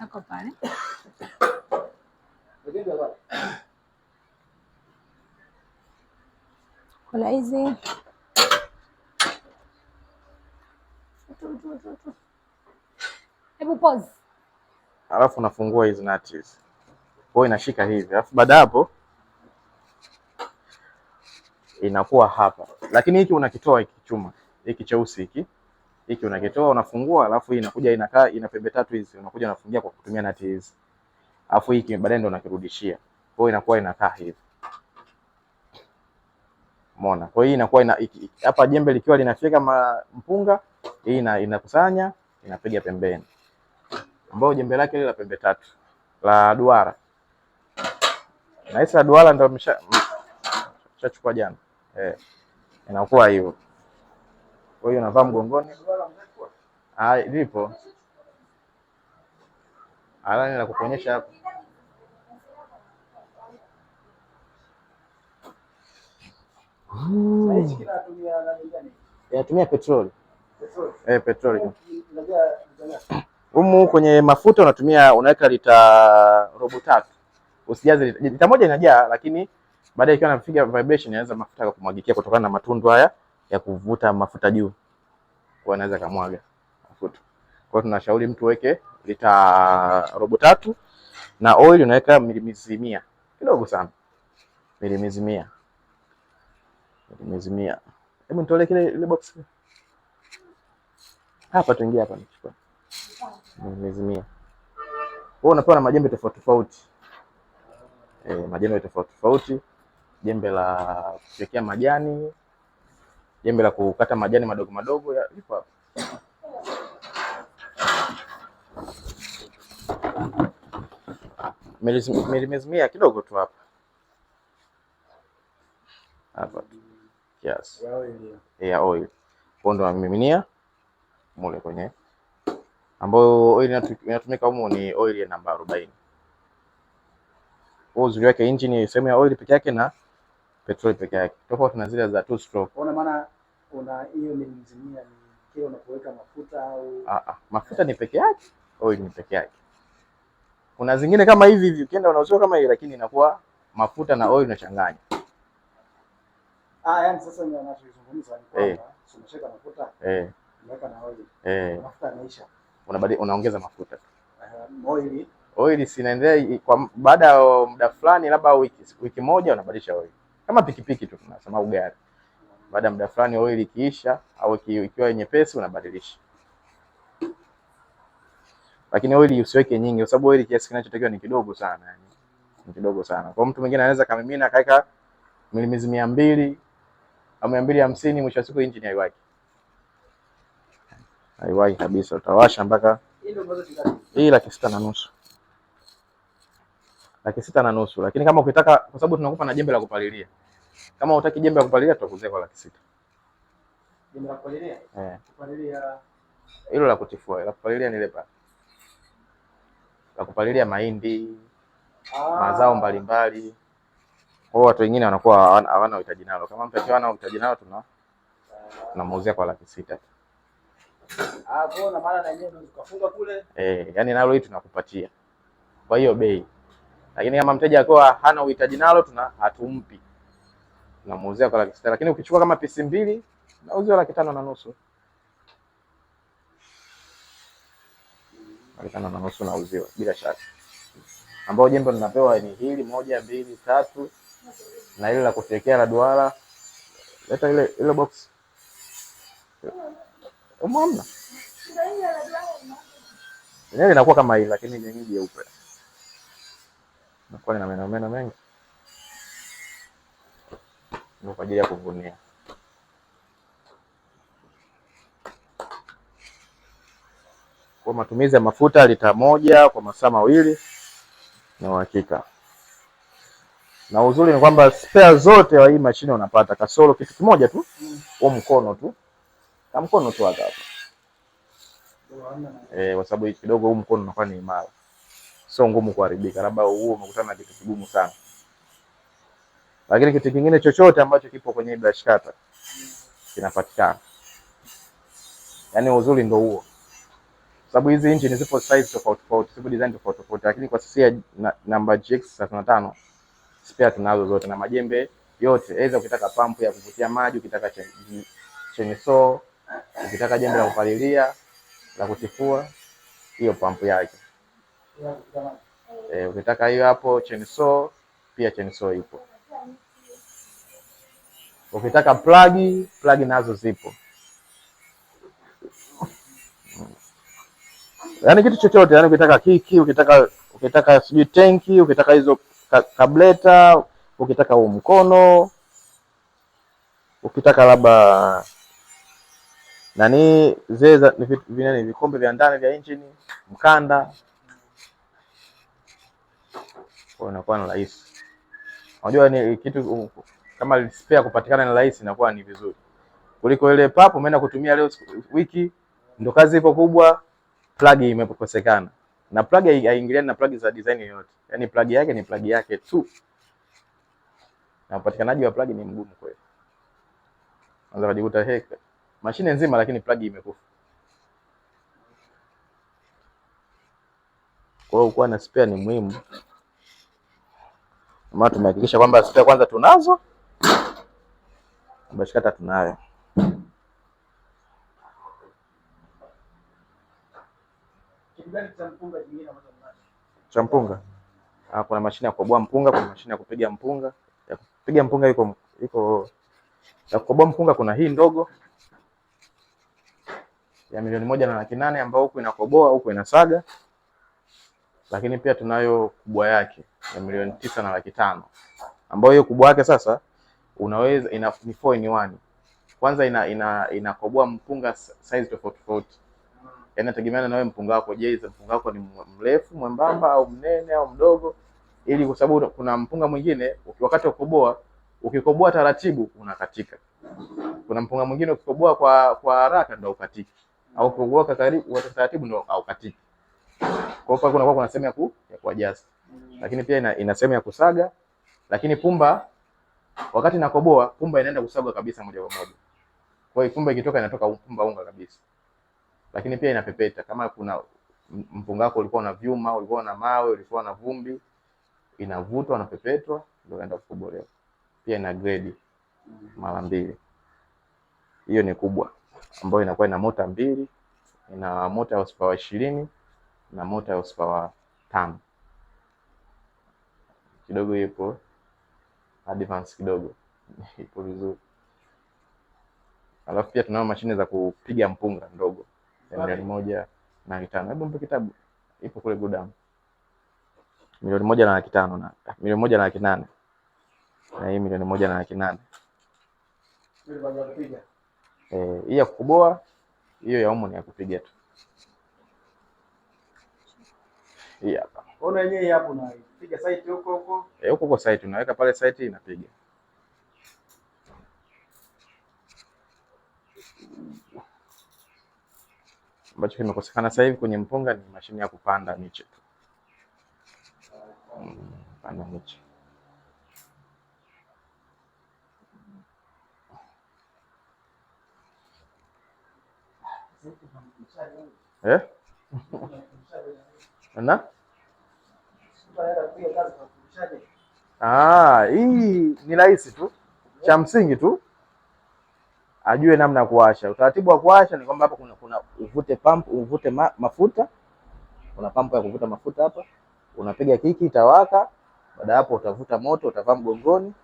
Nako pale kuna hizi hebu pause, alafu unafungua hizi nati hizi, kwa inashika hivi, alafu baada hapo inakuwa hapa, lakini hiki unakitoa hiki chuma hiki cheusi hiki hiki unakitoa unafungua, alafu inakuja inakaa ina pembe tatu hizi, unakuja unafungia kwa kutumia nati hizi, alafu hiki baadaye ndio unakirudishia. Kwa hiyo inakuwa inakaa hivi, umeona? Kwa hiyo inakuwa ina hapa jembe likiwa linafika mpunga, hii inakusanya inapiga pembeni, ambayo jembe lake ile la pembe tatu la duara na hisa duara ndio mshachukua jana eh, inakuwa hivyo. Kwa hiyo navaa mgongoni, lipo alani la kukuonyesha hapo. Inatumia petroli eh, petroli humu kwenye mafuta unatumia, unaweka lita robo tatu, usijaze lita moja inajaa, lakini baadaye ikiwa napiga vibration inaanza mafuta kumwagikia kutokana na matundu haya ya kuvuta mafuta juu, kwa anaweza kamwaga mafuta. Kwa hiyo tunashauri mtu weke lita robo tatu na oil unaweka milimizi mia, kidogo sana, milimizi mia, milimizi mia. Hebu nitolee kile ile box hapa, tuingie hapa, nichukua milimizi mia. Wewe unapewa na majembe tofauti tofauti, eh, majembe tofauti tofauti, jembe la kuchekea majani jembe la kukata majani madogo madogo ya lipo hapo. Nilimezimia kidogo tu hapa hapa kiasi ya oil pondo namiminia mule kwenye ambayo oil inatumika humo ni oil ya namba arobaini. Huo uzuri wake injini sehemu ya oil peke yake na petroli peke yake, tofauti na zile za two stroke. Ona maana kuna hiyo ni mzimia ni kile unapoweka mafuta au ah, ah. mafuta ni peke yake, oil ni peke yake. Kuna zingine kama hivi hivi ukienda unauziwa kama hii, lakini inakuwa mafuta na oil unachanganya. Ah, yani sasa anachozungumza ni kwamba eh. hey. Umeshika mafuta eh, Unaweka na oil eh, Mafuta yanaisha, unabadi unaongeza mafuta uh, eh, oil oil sinaendelea kwa baada ya muda fulani, labda wiki wiki moja, unabadilisha oil kama pikipiki tu tunasema au gari baada ya muda fulani oil ikiisha au ikiwa nyepesi unabadilisha, lakini oil usiweke nyingi, kwa sababu oil kiasi kinachotakiwa ni kidogo sana, yani ni kidogo sana. Kwa mtu mwingine anaweza kamimina akaweka milimizi mia mbili au mia mbili hamsini mwisho wa siku injini haiwaki, haiwaki kabisa, utawasha mpaka hii laki sita na nusu laki sita na nusu, lakini kama ukitaka, kwa sababu tunakupa na jembe la kupalilia kama utaki jembe la kupalilia tutakuzia kwa laki sita. Jembe la kupalilia? Eh. Kupalilia hilo la kutifua, la kupalilia ni ile pale. La kupalilia mahindi, ah, mazao mbalimbali. Kwa watu wengine wanakuwa hawana uhitaji nalo. Kama mtu akiwa ana uhitaji nalo tuna tunamuuzia kwa laki sita. Ah, kwa na maana na yeye tukafunga kule. Eh, yani nalo hii tunakupatia. Kwa hiyo bei. Lakini kama mteja akiwa hana uhitaji nalo tuna hatumpi unamuuzia kwa laki sita, lakini ukichukua kama pisi mbili unauziwa laki tano na nusu. Laki tano na nusu unauziwa bila shaka, ambao jembe linapewa ni hili moja, mbili, tatu na ile la kufyekea la duara. Leta ile ile box umwamna lenyewe kama hili, lakini lenyewe jeupe nakuwa lina menomeno mengi ni kwa ajili ya kuvunia. Kwa matumizi ya mafuta lita moja kwa masaa mawili na uhakika. Na uzuri ni kwamba spare zote wa hii mashine unapata kasoro kitu kimoja tu, huo mkono tu, na mkono tu hapa eh, kwa sababu kidogo huu mkono unakuwa ni imara, sio ngumu kuharibika, labda huu umekutana na kitu kigumu sana lakini kitu kingine chochote ambacho kipo kwenye brashkata kinapatikana. Yani uzuri ndio huo, sababu hizi injini zipo size tofauti tofauti, zipo design tofauti tofauti, lakini kwa sisi namba GX 35 spare tunazo zote na majembe yote, aidha ukitaka pump ya kuvutia maji, ukitaka chenye soo, ukitaka jembe la kupalilia la kutifua, hiyo pump yake eh, ukitaka hiyo hapo chenye soo, pia chenye soo ipo. Ukitaka plagi, plagi nazo zipo. Yaani kitu chochote, yaani ukitaka kiki, ukitaka ukitaka sijui tenki, ukitaka hizo kableta, ukitaka huu mkono, ukitaka labda nani zeza vinani vikombe vya ndani vya injini, mkanda unakuwa na rahisi. Unajua ni kitu kama spare kupatikana ni rahisi, inakuwa ni vizuri kuliko ile papo umeenda kutumia leo wiki, ndo kazi ipo kubwa, plug imekosekana. Na plug haiingiliani na plug za design yoyote, yani plug yake ni plug yake tu, na upatikanaji wa plug ni mgumu kweli. Anza kujikuta heka mashine nzima, lakini plug imekufa. Kwa hiyo kuwa na spare ni muhimu, maana tumehakikisha kwamba spare kwanza tunazo Bashikata tunayo cha mpunga. Ah, kuna mashine ya kukoboa mpunga, kuna mashine ya kupiga mpunga. Ya kupiga mpunga iko iko, ya kukoboa mpunga kuna hii ndogo ya milioni moja na laki nane ambayo huku inakoboa huku inasaga, lakini pia tunayo kubwa yake ya milioni tisa na laki tano ambayo hiyo kubwa yake sasa unaweza ina ni four in one. Kwanza ina ina inakoboa mpunga size tofauti tofauti, yaani inategemeana na wewe mpunga wako. Je, mpunga wako ni mrefu mwembamba au mnene au mdogo? Ili kwa sababu kuna mpunga mwingine wakati wa kukoboa ukikoboa taratibu unakatika. Kuna mpunga mwingine ukikoboa kwa kwa haraka ndio ukatiki, au kukoboa kwa karibu kwa taratibu ndio haukatiki. Kwa hiyo kuna kwa kuna sehemu ya ku ya kuadjust, lakini pia ina, ina sehemu ya kusaga, lakini pumba Wakati nakoboa pumba inaenda kusagwa kabisa moja kwa moja. Kwa hiyo pumba ikitoka inatoka pumba unga kabisa. Lakini pia inapepeta kama kuna mpunga wako ulikuwa na vyuma, ulikuwa na mawe, ulikuwa na vumbi, inavutwa na pepetwa ndio inaenda kukobolewa. Pia ina grade mara mbili. Hiyo ni kubwa ambayo inakuwa ina mota mbili, ina mota ya horsepower ishirini na mota ya uspawa tano. Kidogo ipo advance kidogo ipo vizuri. Alafu pia tunao mashine za kupiga mpunga ndogo milioni moja na kitano. Hebu mpe kitabu, ipo kule godown, milioni moja na laki tano na milioni moja na laki nane na hii milioni moja na laki nane hii ya eh, kukoboa hiyo ya umo ni ya kupiga tu. Hii hapa. Ona yenyewe hapo na hii. Piga site huko huko. Eh, huko kwa site unaweka pale site inapiga. Ambacho kimekosekana sasa hivi kwenye mpunga ni mashine ya kupanda miche tu. Mm, panda miche. Eh? Na? Ah, hii ni rahisi tu, cha msingi tu ajue namna ya kuwasha. Utaratibu wa kuwasha ni kwamba hapa kuna, kuna uvute pump, uvute ma, mafuta. Kuna pampu ya kuvuta mafuta hapa, unapiga kiki itawaka. Baada hapo utavuta moto, utavaa mgongoni,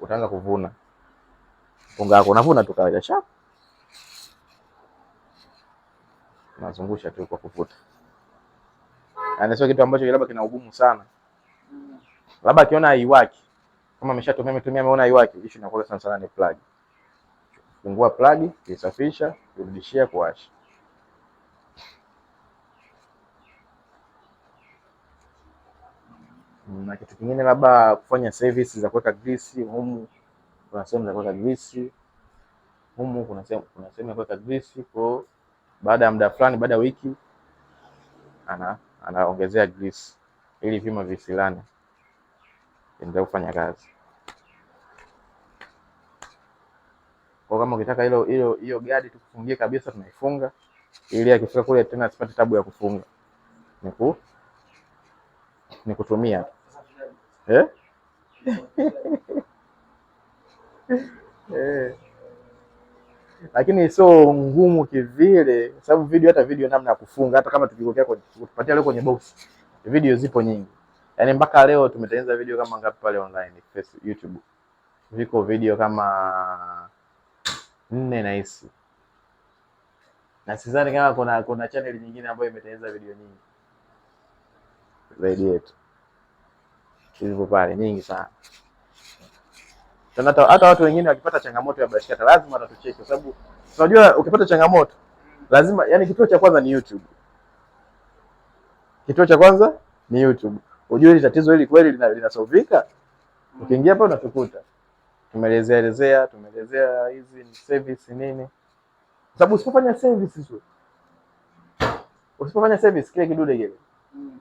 utaanza kuvuna unga wako, unavuna tu kawaida shap, unazungusha tu kwa kuvuta, yaani sio kitu ambacho labda kina ugumu sana labda akiona haiwaki kama ameshatumia ametumia ameona haiwaki, issue inakuwa sana sana ni plug. Fungua plug, kuisafisha, kurudishia, kuwasha. Na kitu kingine labda kufanya service za kuweka grease humu, kuna sehemu za kuweka grease humu, kuna sehemu kuna sehemu ya kuweka grease kwa baada ya muda fulani, baada ya wiki ana anaongezea grease ili vyuma visilane endelea kufanya kazi. Kwa kama ukitaka hilo hilo hiyo gadi tukufungie kabisa, tunaifunga ili akifika kule tena asipate tabu ya kufunga. Niku nikutumia eh? eh. Lakini sio ngumu kivile, sababu video hata video namna ya kufunga, hata kama leo kwenye box video zipo nyingi yani mpaka leo tumetengeneza video kama ngapi pale online Facebook, YouTube. Viko video kama nne nahisi, na sidhani kama kuna kuna channel nyingine ambayo imetengeneza video nyingi zaidi yetu, ilivyo pale nyingi sana. Hata watu wengine wakipata changamoto ya biashara lazima watatucheki, kwa sababu unajua ukipata changamoto lazima, yani kituo cha kwanza ni YouTube, kituo cha kwanza ni YouTube. Ujue hili tatizo hili kweli linasolvika? Ukiingia hapa unatukuta tumeelezea elezea, tumeelezea hizi ni service nini, kwa sababu usipofanya service tu, usipofanya service kile kidude kile, mm.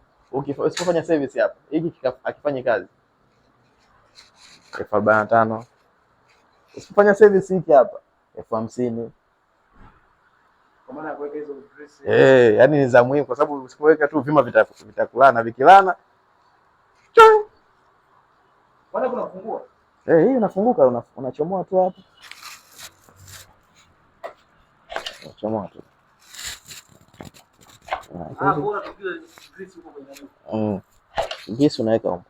usipofanya service hapa hiki hakifanyi kazi, elfu arobaini na tano. Usipofanya service hiki hapa elfu hamsini. Yaani ni za muhimu, kwa sababu usipoweka tu vima vitakulana, vikilana Eh, hii hey, unafunguka unachomoa tu hapo, unachomoa tu ah, ah, grisi mm. unaweka huko.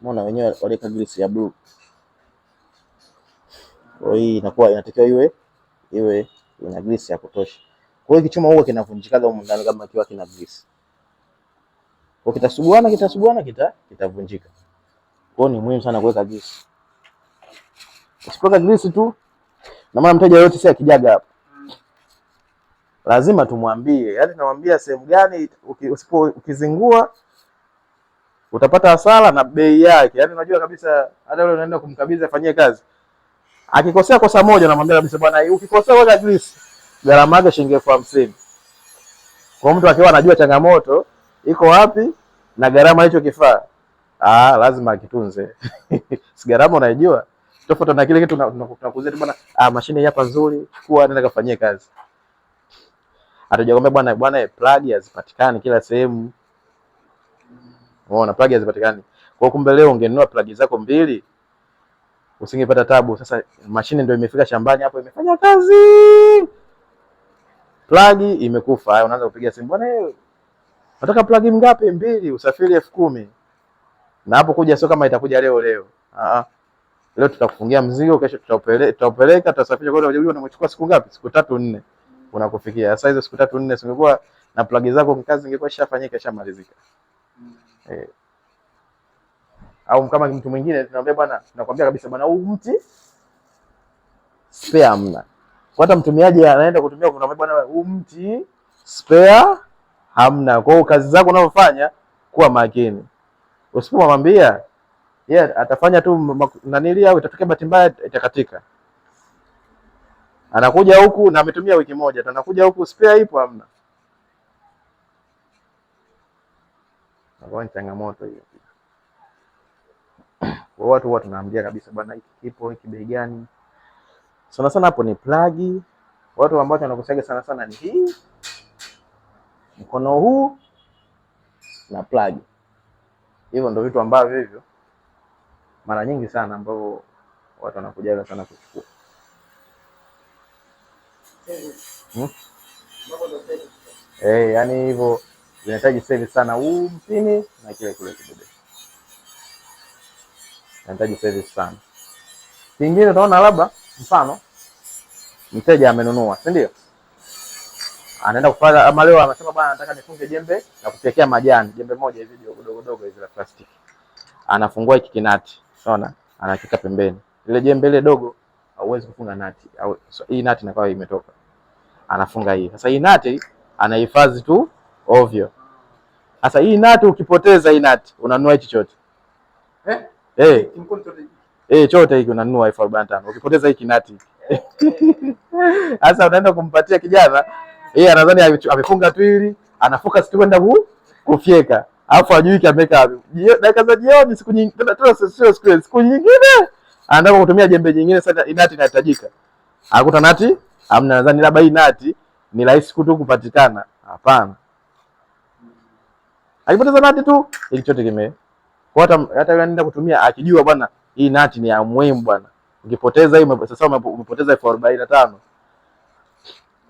Umeona wenyewe waliweka grisi ya blue. Kwa hiyo inakuwa inatakiwa iwe iwe ina grisi ya kutosha. Kwa hiyo kichuma huwa kinavunjikaga huko ndani kama kiwa kina grisi. Kwa kitasuguana kitasuguana kita kitavunjika. Kwa ni muhimu sana kuweka grease. Usipoweka grease tu na maana mteja yote si akijaga hapa. Lazima tumwambie, yaani tunamwambia sehemu gani usipo ukizingua utapata hasara na bei yake. Yaani unajua kabisa hata yule unaenda kumkabidhi afanyie kazi. Akikosea kosa moja namwambia kabisa bwana, ukikosea weka grease. Gharama yake shilingi elfu hamsini. Kwa mtu akiwa anajua changamoto iko wapi na gharama hicho kifaa. Ah, lazima akitunze si gharama unaijua, tofauti na kile kitu tunakuzia bwana. Ah, mashine hapa nzuri, chukua nenda kafanyie kazi. Hatujakwambia bwana bwana, plug hazipatikani kila sehemu. Unaona, plug hazipatikani kwa, kumbe leo ungenunua plug zako mbili usingepata tabu. Sasa mashine ndio imefika shambani hapo, imefanya kazi, plug imekufa. Unaanza kupiga simu bwana Nataka plugin ngapi? Mbili, usafiri elfu kumi. Na hapo kuja sio kama itakuja leo leo. Ah, ah. leo tutakufungia mzigo, kesho tutaupeleka, tutaupeleka, tutasafirisha kwenda kujua, unamchukua siku ngapi? Siku tatu nne unakufikia. Sasa hizo siku tatu nne singekuwa na plug zako, kazi ingekuwa ishafanyika ishamalizika. Mm. Eh. Au kama mtu mwingine tunamwambia bwana, tunakwambia kabisa bwana, huu mti spare hamna. Kwa hata mtumiaji anaenda kutumia, kuna bwana, huu mti spare hamna. Kwa hiyo kazi zako unazofanya kuwa makini, usipomwambia yeye yeah, atafanya tu nanili, au itatokea bahati mbaya itakatika. Anakuja huku na ametumia wiki moja, anakuja huku spare ipo hamna. Ni changamoto hiyo. Kwa watu huwa tunaambia kabisa, bwana, hiki kipo hiki bei gani? Sana sana hapo ni plagi. Watu ambao wanakusaga sana sana ni hii mkono huu na plug. Hivyo ndio vitu ambavyo hivyo mara nyingi sana ambavyo watu wanakujaga sana kuchukua hmm? Eh, yani hivyo vinahitaji service sana, huu mpini na kile kule kibebe nahitaji service sana. Kingine utaona labda mfano mteja amenunua, si ndio? anaenda kufanya ama leo anasema bwana, nataka nifunge jembe na kupekea majani, jembe moja hivi dogo dogo hizi la plastiki. Anafungua hiki kinati, unaona, anakika pembeni. Ile jembe ile dogo hauwezi kufunga nati au so, hii nati inakuwa imetoka, anafunga hii. Sasa hii nati anahifadhi tu ovyo. Sasa hii nati ukipoteza hii nati unanua hichi chote eh, eh, eh, chote hiki unanunua elfu arobaini na tano ukipoteza hiki nati hiki. Sasa unaenda kumpatia kijana yeye anadhani amefunga tu ana focus tu kwenda kufyeka, alafu ajui kameka dakika za jioni, siku nyingine tena sio siku siku nyingine anataka kutumia jembe jingine. Sasa inati inahitajika, akuta nati amna, nadhani labda hii nati ni rahisi kutu kupatikana. Hapana, alipoteza nati tu ili chote kime kwa hata hata yule anaenda kutumia akijua, bwana hii nati ni ya muhimu bwana, ukipoteza hii sasa umepoteza elfu arobaini na tano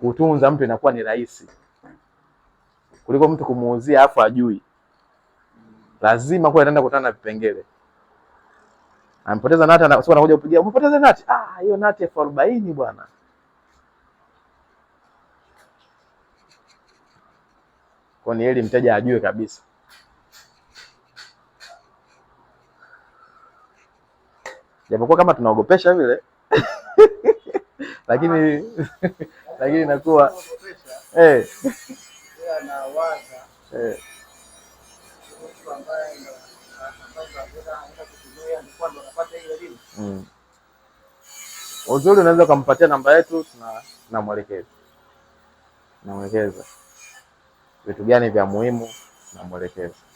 kutunza mtu inakuwa ni rahisi kuliko mtu kumuuzia afu ajui. Lazima kuwa anaenda kukutana na vipengele. Amepoteza nati, sio anakuja kupigia, umepoteza nati. Ah, hiyo nati elfu arobaini bwana. Kwa ni heri mteja ajue kabisa. Japokuwa kama tunaogopesha vile lakini lakini inakuwa eh. eh Uzuri unaweza ukampatia namba yetu, tunamwelekeza namwelekeza vitu gani vya muhimu, namwelekeza